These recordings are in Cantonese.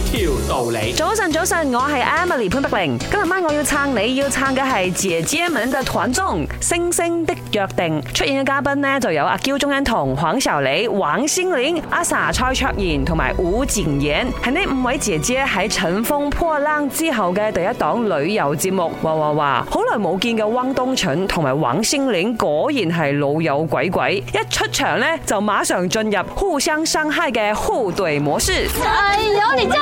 條道理。早晨，早晨，我係 Emily 潘德玲。今日晚我要撐你，要撐嘅係姐姐們嘅團綜《星星的約定》出現的。出演嘅嘉賓呢就有阿嬌、鍾欣潼、黃曉蕾、王心凌、阿 sa 蔡卓妍同埋吳謹言。係呢五位姐姐喺《乘風破浪》之後嘅第一檔旅遊節目。哇哇哇！好耐冇見嘅汪東蠢同埋王心凌，果然係老友鬼鬼，一出場呢就馬上進入互相傷害嘅互懟模式。哎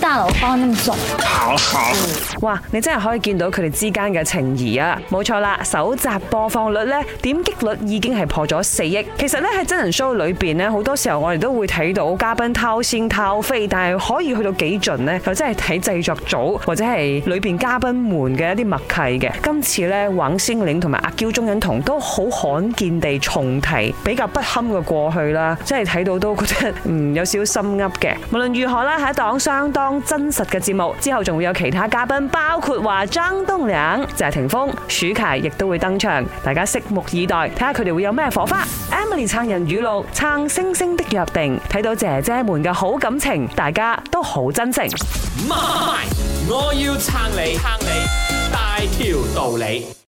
大樓翻咁熟，嗯、哇！你真係可以見到佢哋之間嘅情誼啊！冇錯啦，首集播放率呢，點擊率已經係破咗四億。其實呢，喺真人 show 裏邊呢，好多時候我哋都會睇到嘉賓掏先掏飛，但係可以去到幾盡呢？就真係睇製作組或者係裏邊嘉賓們嘅一啲默契嘅。今次呢，王心凌同埋阿嬌鍾欣潼都好罕見地重提比較不堪嘅過去啦，真係睇到都覺得嗯有少少心噏嘅。無論如何啦，喺檔商都。當真實嘅節目之後，仲會有其他嘉賓，包括話張東嶺謝霆鋒、舒淇，亦都會登場，大家拭目以待，睇下佢哋會有咩火花 em 撐。Emily 撐人語錄，撐星星的約定，睇到姐姐們嘅好感情，大家都好真誠。我要撐你，撐你，大條道理。